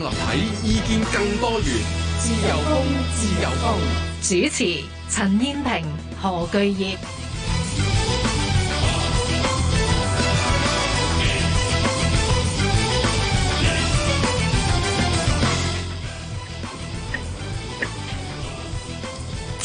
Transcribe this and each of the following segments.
立體意見更多元，自由風，自由風。主持：陳燕萍、何巨業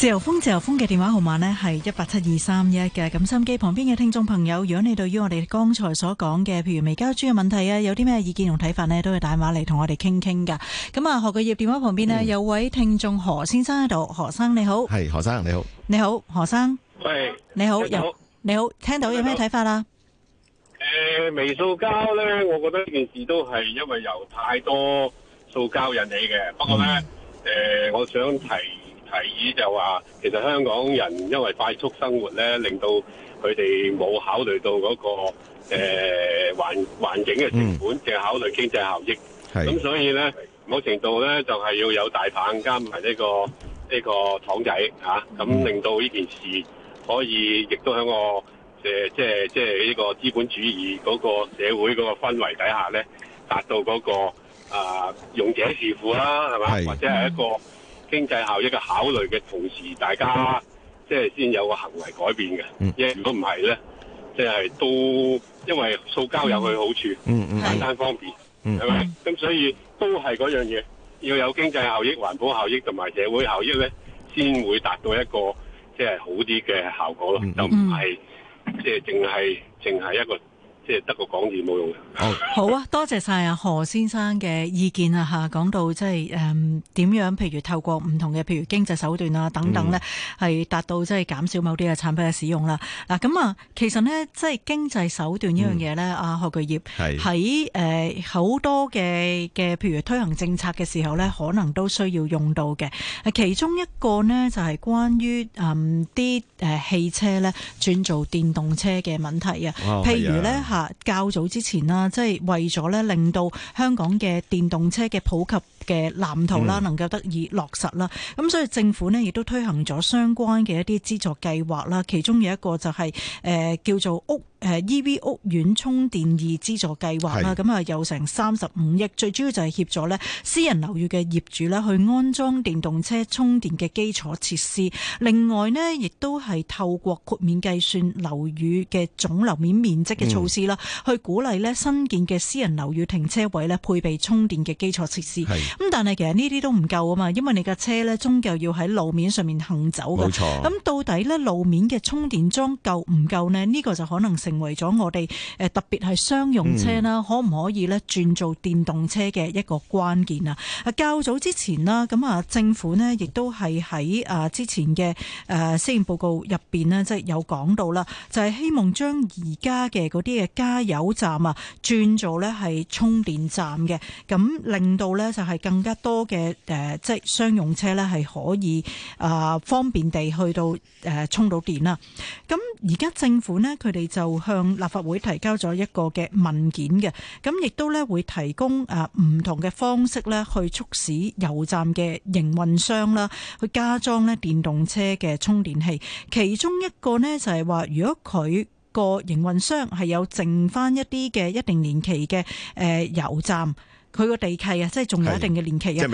自由風，自由風嘅電話號碼呢係一八七二三一嘅。咁心機旁邊嘅聽眾朋友，如果你對於我哋剛才所講嘅，譬如微塑膠嘅問題啊，有啲咩意見同睇法呢，都係打電話嚟同我哋傾傾噶。咁啊，何巨業電話旁邊呢，有位聽眾何先生喺度，何生你好。係，何生你好。你好何生。喂。你好。你好，你，好你好，聽到有咩睇法啦？誒，uh, 微塑膠呢，我覺得呢件事都係因為有太多塑膠引起嘅。不過呢，誒，mm. uh, 我想提。提議就話，其實香港人因為快速生活咧，令到佢哋冇考慮到嗰、那個誒、呃、環境嘅成本，凈、嗯、考慮經濟效益。咁是所以咧，是某程度咧，就係、是、要有大棒加埋呢個呢、這個糖仔嚇，咁、啊、令到呢件事可以亦都喺個誒、呃、即係即係呢個資本主義嗰個社會嗰個氛圍底下咧，達到嗰、那個啊用、呃、者自付啦，係咪？或者係一個。經濟效益嘅考慮嘅同時，大家即係先有個行為改變嘅。嗯，因為如果唔係咧，即係都因為塑膠有佢好處，嗯嗯，簡單方便，嗯，係咪？咁所以都係樣嘢，要有經濟效益、環保效益同埋社會效益咧，先會達到一個即係好啲嘅效果咯。嗯、就唔係，即係淨係淨係一個。即係得個講字冇用嘅。Oh, 好，啊，多謝晒啊，何先生嘅意見啊嚇，講到即係誒點樣，譬如透過唔同嘅譬如經濟手段啊等等咧，係、嗯、達到即係減少某啲嘅產品嘅使用啦、啊。嗱、啊、咁啊，其實呢，即係經濟手段呢樣嘢咧，嗯、啊，學具業喺誒好多嘅嘅譬如推行政策嘅時候咧，可能都需要用到嘅。其中一個呢，就係、是、關於誒啲、嗯、汽車咧轉做電動車嘅問題啊。Wow, 譬如咧較早之前啦，即係為咗咧，令到香港嘅電動車嘅普及。嘅藍圖啦，能夠得以落實啦。咁、嗯、所以政府咧亦都推行咗相關嘅一啲資助計劃啦，其中有一個就係、是、誒、呃、叫做屋誒、呃、EV 屋苑充電二資助計劃啦。咁是啊有成三十五億最主要就係協助咧私人樓宇嘅業主咧去安裝電動車充電嘅基礎設施。另外咧，亦都係透過豁免計算樓宇嘅總樓面面積嘅措施啦，嗯、去鼓勵咧新建嘅私人樓宇停車位咧配備充電嘅基礎設施。咁但係其實呢啲都唔夠啊嘛，因為你架車咧，終究要喺路面上面行走冇錯，咁錯到底咧路面嘅充電樁夠唔夠咧？呢、這個就可能成為咗我哋誒特別係商用車啦，嗯、可唔可以咧轉做電動車嘅一個關鍵啊？啊，較早之前啦，咁啊，政府咧亦都係喺啊之前嘅誒施政報告入邊咧，即係有講到啦，就係、是、希望將而家嘅嗰啲嘅加油站啊，轉做咧係充電站嘅，咁令到咧就係、是。更加多嘅誒，即係商用車咧，係可以啊方便地去到誒充到電啦。咁而家政府咧，佢哋就向立法會提交咗一個嘅文件嘅，咁亦都咧會提供啊唔同嘅方式咧，去促使油站嘅營運商啦，去加裝咧電動車嘅充電器。其中一個咧就係話，如果佢個營運商係有剩翻一啲嘅一定年期嘅誒油站。佢個地契啊，即係仲有一定嘅年期啊，係、就係、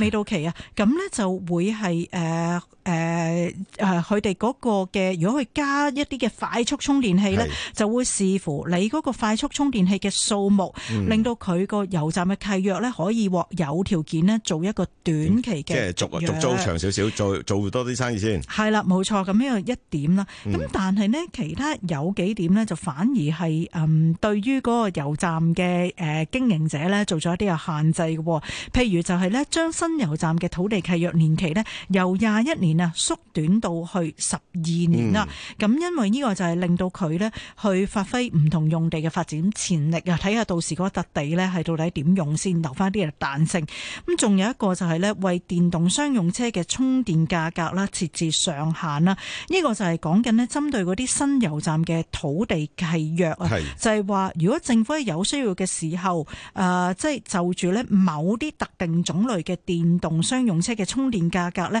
未到期啊，咁咧就會係誒，呃誒誒佢哋嗰個嘅，如果佢加一啲嘅快速充電器咧，是就會視乎你嗰個快速充電器嘅數目，嗯、令到佢個油站嘅契約咧可以獲有條件咧做一個短期嘅，嗯，即係續續租長少少，做做多啲生意先。係啦，冇錯，咁呢個一點啦。咁、嗯、但係咧，其他有幾點咧，就反而係誒對於嗰個油站嘅誒經營者咧，做咗一啲嘅限制嘅。譬如就係咧，將新油站嘅土地契約年期咧，由廿一年。縮短到去十二年啦，咁因為呢個就係令到佢呢去發揮唔同用地嘅發展潛力啊，睇下到時嗰笪地呢係到底點用先，留翻啲嘅彈性。咁仲有一個就係呢為電動商用車嘅充電價格啦設置上限啦，呢、呢個就係講緊呢針對嗰啲新油站嘅土地契約啊，是就係話如果政府有需要嘅時候，誒、呃，即係就住、是、呢某啲特定種類嘅電動商用車嘅充電價格呢。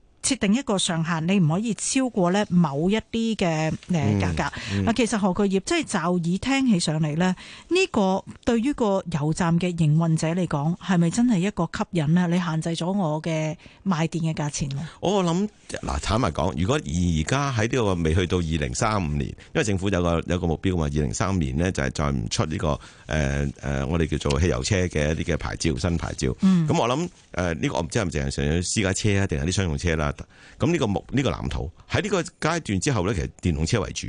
設定一個上限，你唔可以超過咧某一啲嘅誒價格。啊、嗯，嗯、其實何巨業即係就已聽起上嚟咧，呢、這個對於個油站嘅營運者嚟講，係咪真係一個吸引咧？你限制咗我嘅賣電嘅價錢我諗嗱，坦白講，如果而家喺呢個未去到二零三五年，因為政府有個有個目標嘛，二零三年呢就係再唔出呢、這個誒誒、呃，我哋叫做汽油車嘅一啲嘅牌照新牌照。嗯，咁我諗誒呢個我唔知係唔係淨係想私家車啊，定係啲商用車啦？咁呢個木呢個藍圖喺呢個階段之後呢，其實電動車為主。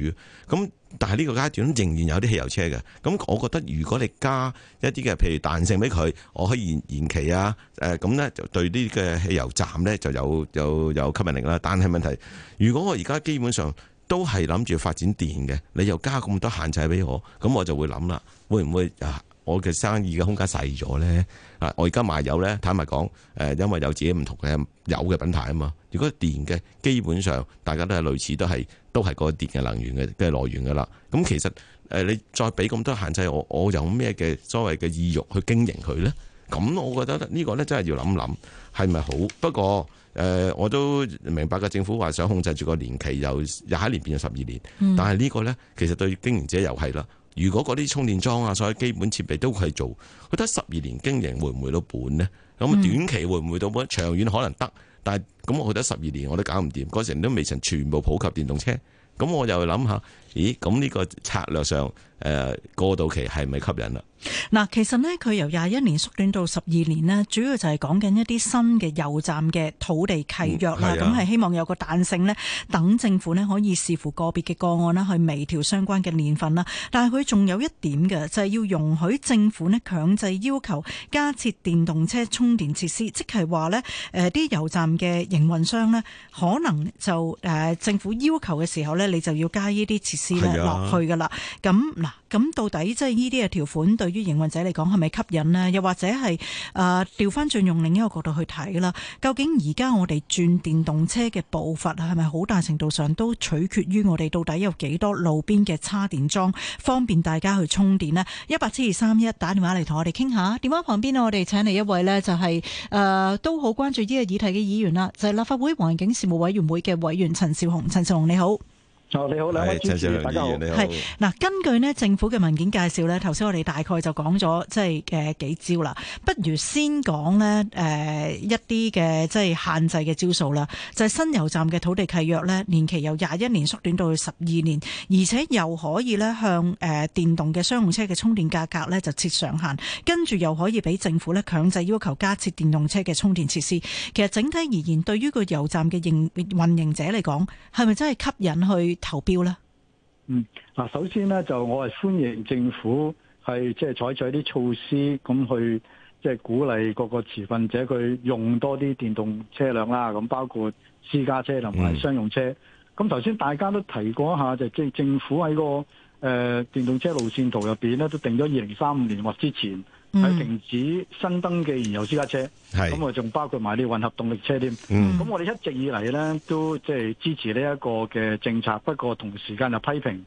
咁但係呢個階段仍然有啲汽油車嘅。咁我覺得如果你加一啲嘅，譬如彈性俾佢，我可以延期啊。誒，咁呢就對呢嘅汽油站呢，就有就有有吸引力啦。但係問題，如果我而家基本上都係諗住發展電嘅，你又加咁多限制俾我，咁我就會諗啦，會唔會啊？我嘅生意嘅空間細咗咧，啊！我而家賣油咧，坦白講，因為有自己唔同嘅油嘅品牌啊嘛。如果電嘅，基本上大家都係類似，都係都係個電嘅能源嘅即係來源噶啦。咁其實你再俾咁多限制，我我有咩嘅所謂嘅意欲去經營佢咧？咁我覺得呢個咧真係要諗諗，係咪好？不過，呃，我都明白嘅政府話想控制住個年期，由廿一年變咗十二年，但係呢個咧其實對經營者又係啦。如果嗰啲充電樁啊，所有基本設備都係佢做，佢得十二年經營，會唔會到本呢？咁短期會唔會到本？長遠可能得，但係咁，我覺得十二年我都搞唔掂，嗰陣都未曾全部普及電動車，咁我又諗下。咦，咁呢個策略上，誒、呃、過渡期係咪吸引啊？嗱，其實咧佢由廿一年縮短到十二年咧，主要就係講緊一啲新嘅油站嘅土地契約啦。咁係、嗯啊、希望有個彈性咧，等政府咧可以視乎個別嘅個案啦，去微調相關嘅年份啦。但係佢仲有一點嘅，就係、是、要容許政府咧強制要求加設電動車充電設施，即係話咧誒啲油站嘅營運商咧，可能就誒、呃、政府要求嘅時候咧，你就要加依啲設。落去㗎喇。咁嗱，咁到底即係呢啲嘅條款對於營運者嚟講係咪吸引呢？又或者係誒調返轉用另一個角度去睇啦？究竟而家我哋轉電動車嘅步伐係咪好大程度上都取決於我哋到底有幾多路邊嘅叉電樁方便大家去充電呢？一八七二三一打電話嚟同我哋傾下。電話旁邊我哋請嚟一位呢、就係，就、呃、係都好關注呢個議題嘅議員啦，就係、是、立法會環境事務委員會嘅委員陳紹雄，陳紹雄你好。你好，兩位主持，大家好。係嗱，根據咧政府嘅文件介紹呢，頭先我哋大概就講咗即係誒幾招啦。不如先講呢，誒一啲嘅即係限制嘅招數啦。就係新油站嘅土地契約呢，年期由廿一年縮短到去十二年，而且又可以呢向誒電動嘅商用車嘅充電價格呢就設上限，跟住又可以俾政府呢強制要求加設電動車嘅充電設施。其實整體而言，對於個油站嘅營運營者嚟講，係咪真係吸引去？投標啦。嗯，嗱，首先咧就我係歡迎政府係即係採取啲措施，咁去即係鼓勵各個持份者佢用多啲電動車輛啦。咁包括私家車同埋商用車。咁頭先大家都提過一下，就即係政府喺個誒電動車路線圖入邊咧，都定咗二零三五年或之前。係、嗯、停止新登記燃油私家車，咁我仲包括埋啲混合動力車添。咁、嗯、我哋一直以嚟咧都即係支持呢一個嘅政策，不過同時間就批評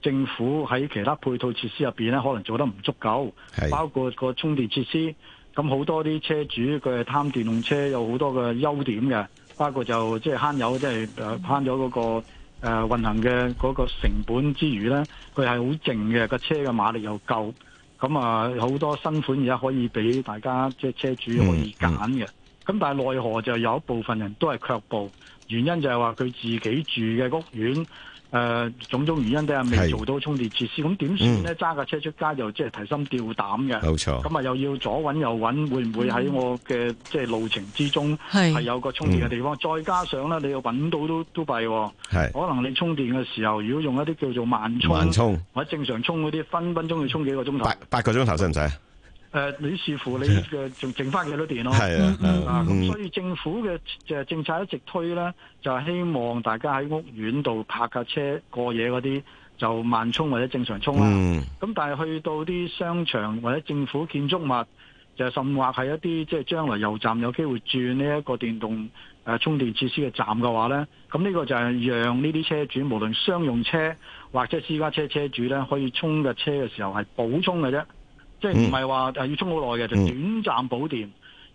政府喺其他配套設施入邊咧，可能做得唔足夠，是包括個充電設施。咁好多啲車主佢係貪電動車有好多嘅優點嘅，包括就即係慳油，即係誒慳咗嗰個誒、呃、運行嘅嗰個成本之餘咧，佢係好靜嘅，個車嘅馬力又夠。咁啊，好、嗯嗯、多新款而家可以俾大家即係車主可以揀嘅。咁但係奈何就有一部分人都係卻步，原因就係話佢自己住嘅屋苑。誒、呃，種種原因都係未做到充電設施，咁點算咧？揸架車出街又即係提心吊膽嘅，冇錯。咁啊又要左揾右揾，會唔會喺我嘅、嗯、即係路程之中係有個充電嘅地方？是嗯、再加上咧，你又揾到都都弊喎、哦，是可能你充電嘅時候，如果用一啲叫做慢充，我充正常充嗰啲分分鐘要充幾個鐘頭，八八個鐘頭使唔使？誒、呃，你視乎你嘅仲剩翻幾多電咯，係啊，咁所以政府嘅就政策一直推咧，就希望大家喺屋苑度泊架車過夜嗰啲就慢充或者正常充啦。咁、嗯、但係去到啲商場或者政府建築物，就甚或係一啲即係將來油站有機會轉呢一個電動誒、呃、充電設施嘅站嘅話咧，咁呢個就係讓呢啲車主無論商用車或者私家車車主咧，可以充架車嘅時候係補充嘅啫。 即係唔係話誒要充好耐嘅，就短暫補電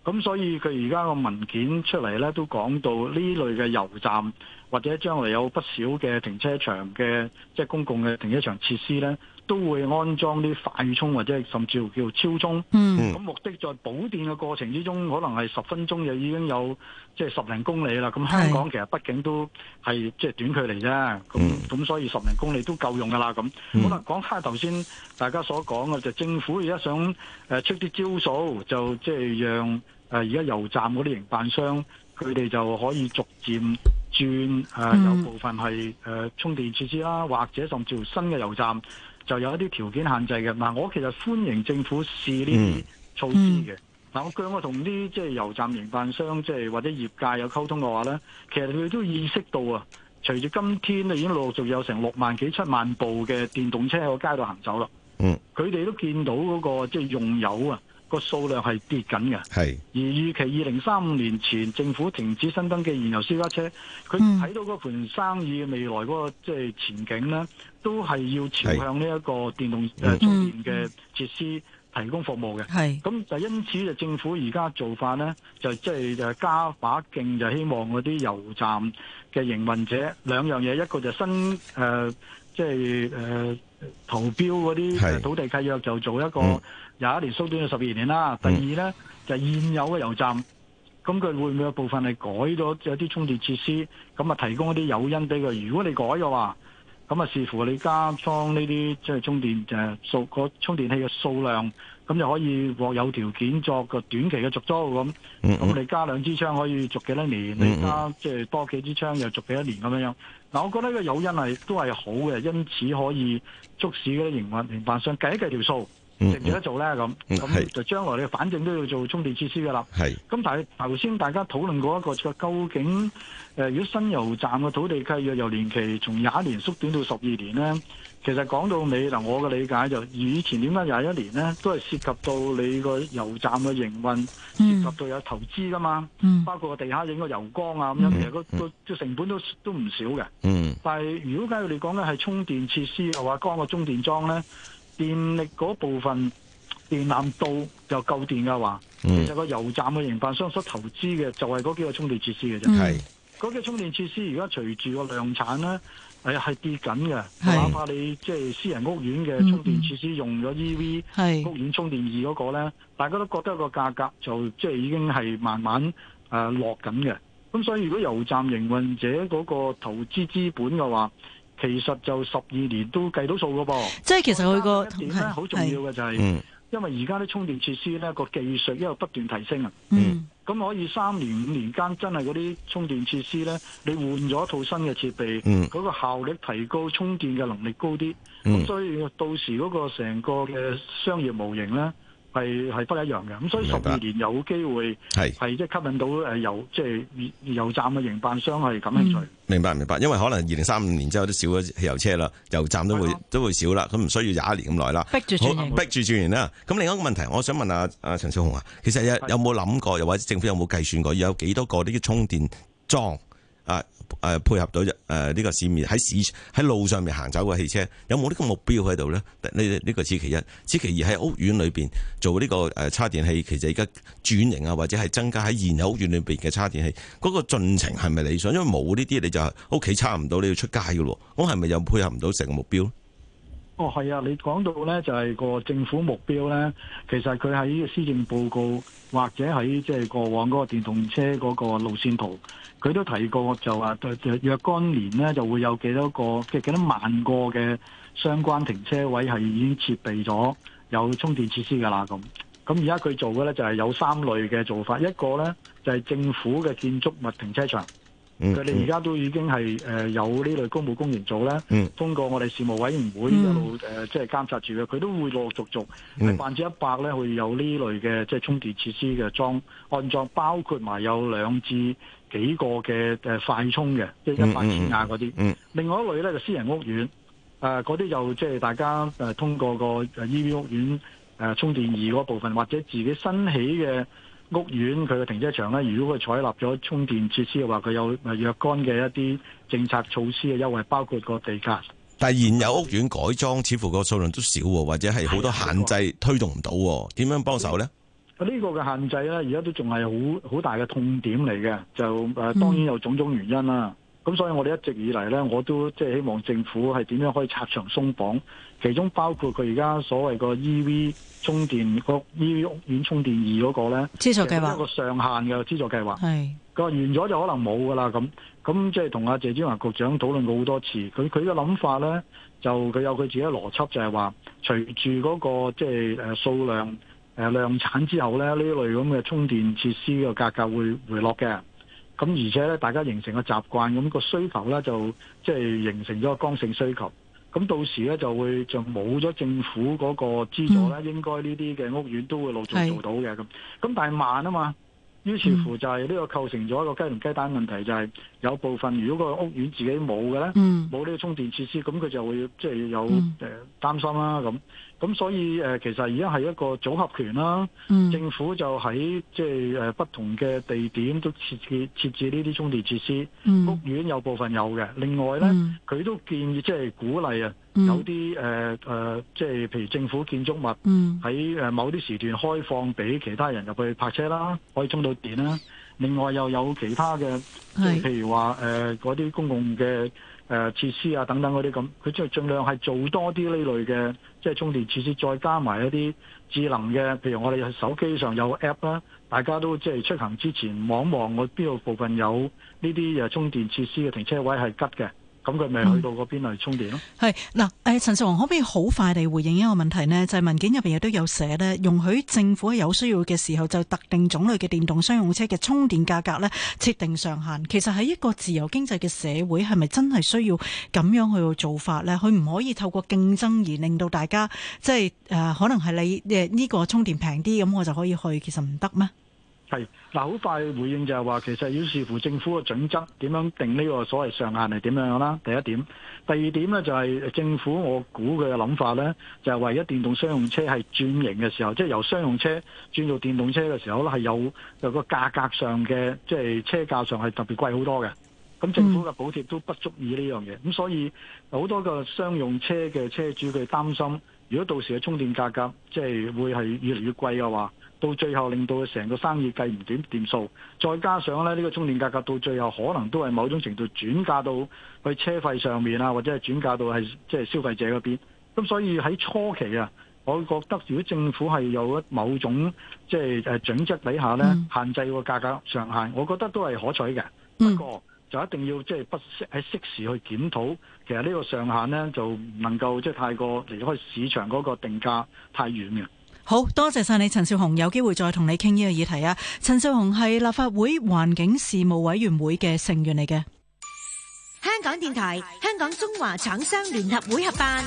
咁 所以佢而家個文件出嚟咧，都講到呢類嘅油站。或者將來有不少嘅停車場嘅即係公共嘅停車場設施呢，都會安裝啲快充或者甚至乎叫超充。嗯，咁目的在補電嘅過程之中，可能係十分鐘就已經有即係、就是、十零公里啦。咁香港其實畢竟都係即係、就是、短距離啫。嗯，咁所以十零公里都夠用噶啦。咁好啦，講翻頭先大家所講嘅就是、政府而家想誒、呃、出啲招數，就即係讓而家、呃、油站嗰啲營辦商佢哋就可以逐漸，轉誒、呃、有部分係誒、呃、充電設施啦，或者甚至乎新嘅油站，就有一啲條件限制嘅。嗱，我其實歡迎政府試呢啲措施嘅。嗱、嗯，嗯、我最近我同啲即係油站營辦商即係或者業界有溝通嘅話咧，其實佢哋都意識到啊，隨住今天啊已經陸續有成六萬幾七萬部嘅電動車喺個街度行走啦。嗯，佢哋都見到嗰、嗰個即係用油啊。個數量係跌緊嘅，是而預期二零三五年前政府停止新登記燃油私家車，佢睇到個盤生意未來嗰、嗰個即係、嗯、前景呢，都係要朝向呢一個電動誒充電嘅設施提供服務嘅。係、嗯，咁就因此就政府而家做法呢，就即係、就係、加把勁，就希望嗰啲油站嘅營運者兩樣嘢，一個就新誒。呃即係誒、呃、投標嗰啲土地契約就做一個廿一、嗯、年縮短到十二年啦。第二呢，嗯、就現有嘅油站，咁佢會唔會有部分係改咗有啲充電設施？咁啊提供一啲誘因俾佢。如果你改嘅話，咁啊視乎你加裝呢啲即係充電、啊、數個充電器嘅數量，咁就可以獲有條件作個短期嘅續租咁。咁你加兩支槍可以續幾多年？嗯嗯、你加即係、就是、多幾支槍又續幾多年咁樣。嗱，我覺得個誘因係都係好嘅，因此可以促使嗰啲營運營辦商計一計一條數，成唔成得做咧？咁咁就將來你的反正都要做充電設施嘅啦。係、嗯。咁但係頭先大家討論過一個，究竟誒、呃，如果新油站嘅土地契約由年期從廿一年縮短到十二年咧？其實講到尾嗱，我嘅理解就是、以前點解廿一年咧，都係涉及到你個油站嘅營運，嗯、涉及到有投資噶嘛，嗯、包括個地下影油、啊嗯嗰個油缸啊咁樣，其實嗰個成本都都唔少嘅。嗯、但係如果假佢哋講咧，係充電設施又話光個充電樁咧，電力嗰部分電纜到又夠電嘅話，嗯、其實個油站嘅營辦商所投資嘅就係嗰幾個充電設施嘅啫。係嗰、嗯、個充電設施，而家隨住個量產咧。係係跌緊嘅，哪怕是你即係私人屋苑嘅充電設施用咗 EV 是屋苑充電器嗰、那個咧，大家都覺得個價格就即係、就是、已經係慢慢誒、呃、落緊嘅。咁所以如果油站營運者嗰個投資資本嘅話，其實就十二年都計到數嘅噃。即係其實佢，那個個點咧好重要嘅就係，因為而家啲充電設施咧個技術一路不斷提升啊。嗯。嗯咁可以三年五年間真係嗰啲充電設施咧，你換咗一套新嘅設備，嗰個效率提高，充電嘅能力高啲。咁所以到時嗰個成個嘅商業模型咧。係係不一樣嘅，咁所以十年有機會係，係即係吸引到誒油即係是油站嘅營辦商係感興趣。明白、嗯、明白，因為可能二零三五年之後都少咗汽油車啦，油站都會的都會少啦，咁唔需要廿一年咁耐啦。逼住轉。好，逼住轉完啦。咁另一個問題，我想問下阿陳紹雄啊，其實有冇諗過，又或者政府有冇計算過，要有幾多個呢啲充電樁啊？誒，配合到誒呢個市面喺市喺路上面行走嘅汽車有冇呢個目標喺度咧？呢呢個此其一，此其二喺屋苑裏邊做呢個誒叉電器，其實而家轉型啊，或者係增加喺現有屋苑裏邊嘅叉電器，嗰個進程係咪理想？因為冇呢啲你就屋企叉唔到，你要出街嘅咯，咁係咪又配合唔到成個目標？哦，係啊！你講到呢，就係個政府目標呢。其實佢喺施政報告或者喺即係過往嗰個電動車嗰個路線圖，佢都提過就話，若干年呢，就會有幾多個即係幾多萬個嘅相關停車位係已經設備咗有充電設施㗎啦。咁咁而家佢做嘅呢，就係有三類嘅做法，一個呢，就係政府嘅建築物停車場。佢哋而家都已經係誒、呃、有呢類公務公營做咧，嗯、通過我哋事務委員會一路誒即係監察住嘅，佢都會陸陸續續，萬之一百咧，會有呢類嘅即係充電設施嘅裝安裝，包括埋有兩至幾個嘅誒快充嘅即一一百千瓦嗰啲。嗯嗯嗯、另外一類咧就是，私人屋苑，誒嗰啲就即係大家誒、呃、通過個 EV 屋苑誒、呃、充電易嗰部分，或者自己新起嘅。屋苑佢嘅停車場咧，如果佢採納咗充電設施嘅話，佢有若干嘅一啲政策措施嘅優惠，包括個地價。但現有屋苑改裝，似乎個數量都少，或者係好多限制推動唔到，點樣幫手咧？呢個嘅限制咧，而家都仲係好好大嘅痛點嚟嘅，就誒當然有種種原因啦。咁所以我哋一直以嚟咧，我都即係希望政府係點樣可以拆牆鬆綁，其中包括佢而家所謂個 EV 充電屋、EV 屋苑充電易嗰個咧，資助計劃一個上限嘅資助計劃。係佢話完咗就可能冇㗎喇，咁咁即係同阿謝展寰局長討論過好多次。佢佢嘅諗法咧，就佢有佢自己嘅邏輯就、那個，就係話隨住嗰個即係誒數量、呃、量產之後咧，呢類咁嘅充電設施嘅價格,格會回落嘅。咁而且咧，大家形成個習慣，咁、那個需求咧就即係、就是、形成咗個剛性需求。咁到時咧就會就冇咗政府嗰個資助咧，嗯、應該呢啲嘅屋苑都會陸續做到嘅咁。咁是但係慢啊嘛，於是乎就係呢個構成咗一個雞同雞蛋問題，嗯、就係有部分如果個屋苑自己冇嘅咧，冇呢、嗯、個充電設施，咁佢就會即係、就是、有誒、嗯、擔心啦咁。咁所以誒，其實而家係一個組合拳啦、啊。嗯、政府就喺即係不同嘅地點都設設設置呢啲充電設施。嗯、屋苑有部分有嘅。另外呢，佢、嗯、都建議即係鼓勵啊，有啲誒即係譬如政府建築物喺某啲時段開放俾其他人入去泊車啦，可以充到電啦、啊。另外又有其他嘅，是譬如話誒嗰啲公共嘅。誒設施啊，等等嗰啲咁，佢即係盡量係做多啲呢類嘅，即係充電設施，再加埋一啲智能嘅，譬如我哋喺手機上有 app 啦，大家都即係出行之前望望，看看我邊度部分有呢啲誒充電設施嘅停車位係吉嘅。咁佢咪去到嗰邊嚟充電咯？係嗱、嗯，誒陳紹雄可唔可以好快地回應一個問題咧？就係、是，文件入邊亦都有寫咧，容許政府喺有需要嘅時候就特定種類嘅電動商用車嘅充電價格咧，設定上限。其實喺一個自由經濟嘅社會，係咪真係需要咁樣去做法咧？佢唔可以透過競爭而令到大家即係誒、呃、可能係你誒呢、這個充電平啲，咁我就可以去，其實唔得咩？.係嗱，好快回應就係話，其實要視乎政府嘅準則點樣定呢個所謂上限係點樣啦。第一點，第二點咧就係政府我估佢嘅諗法咧，就係為咗電動商用車係轉型嘅時候，即係由商用車轉做電動車嘅時候咧，係有有個價格上嘅，即係車價上係特別貴好多嘅。咁政府嘅補貼都不足以呢樣嘢，咁所以好多個商用車嘅車主佢擔心，如果到時嘅充電價格即係會係越嚟越貴嘅話。到最後令到成個生意計唔掂掂數，再加上咧呢個充電價格到最後可能都係某種程度轉嫁到去車費上面啊，或者係轉嫁到係即係消費者嗰邊。咁所以喺初期啊，我覺得如果政府係有一某種即係誒準則底下咧，限制個價格上限，我覺得都係可取嘅。不過就一定要即係不喺適時去檢討，其實呢個上限咧就唔能夠即係太過離開市場嗰個定價太遠嘅。好多謝晒你，陳紹雄，有機會再同你傾呢個議題啊！陳紹雄係立法會環境事務委員會嘅成員嚟嘅，香港電台、香港中華廠商聯合會合辦。